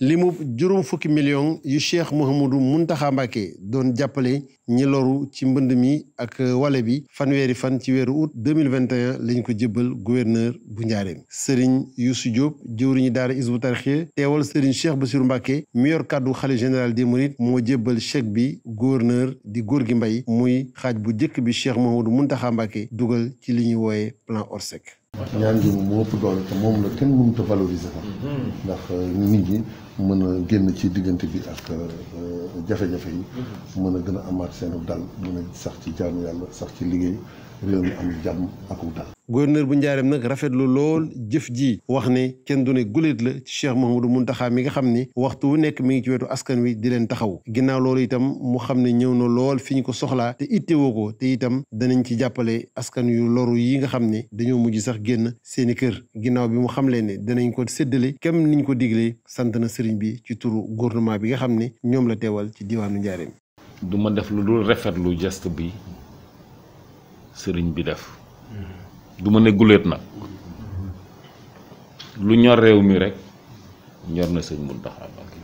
li mu juróom fukki million yu Cheikh Mouhamadou Mountakha Mbacké doon jàppale ñi loru ci mbënd mi ak wale bi fanweeri fan ci weeru août 2021 lañ ko jébbal gouverneur bu njaareem Serigne Youssou Diop jëwriñu daara Hizbut Tarqiyyah teewal Serigne Cheikh Bassirou Mbacké mi yor kàddu khalife général des mourides moo jébbal chèque bi gouverneur di góor gi mbay muy xaaj bu njëkk bi Cheikh Mouhamadou Mountakha Mbacké dugal ci li ñuy wooye plan Orsec ñaan gi moom doole moom la kenn mënut a valoriser sax nit ñi mën génn ci diggante bi ak euh, jafe-jafe yi mm-hmm. a seenu dal mën a sax ci jaamu yàlla sax ci liggéey réew mi am jàmm ak dal. gouverneur bu njaareem nag rafetlu lool jëf ji wax ne kenn du ne guléet la ci Cheikh mun taxaam mi nga xam ni waxtu wu nekk mi ngi ci wetu askan wi di leen taxaw ginnaaw loolu itam mu xam ne ñëw na lool fi ñu ko soxlaa te ittewoo ko te itam danañ ci jàppale askan yu loru yi nga xam ne dañoo mujj sax génn seeni kër ginnaaw bi mu xam xamle ne danañ ko séddale kem niñ ko diglee sant na sëriñ bi ci turu gouvernement bi nga xam ne ñoom la teewal ci diwaanu njaareem du ma def lu dul rafetlu geste bi sëriñ bi def du ma ne guléet nag lu ñor réew mi rekk ñor na sëñ Muntaxa Mbàkke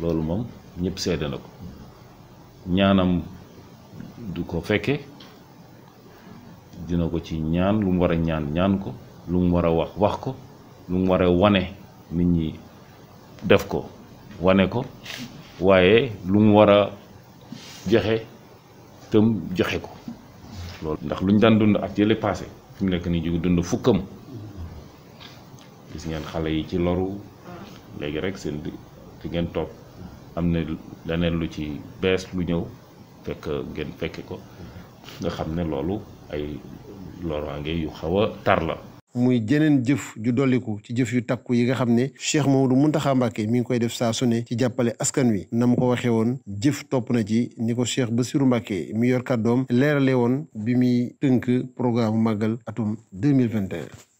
loolu moom ñépp sedd na ko ñaanam du ko fekke dina ko ci ñaan lu mu war a ñaan ñaan ko lu mu war a wax wax ko lu mu war a wane nit ñi def ko wane ko waaye lu mu war joxe tëm joxe ko loolu ndax lu ñu daan dund ak yële passé fi mu nekk nii jóg dund fukkam gis ngeen xale yi ci loru léegi rek seen fi ngeen toog am na leneen lu ci bees lu ñëw fekk ngeen fekke ko nga xam ne loolu ay loraange yu xaw a tar la muy jeneen jëf ju dolliku ci jëf yu takku yi nga xam ne Cheikh mun Mountakha Mbacké mi ngi koy def saa su ne ci jàppale askan wi na mu ko waxee woon jëf topp na ci ni ko Cheikh Bassirou Mbacké mi yor doom leerale woon bi muy tënk programme màggal atum 2021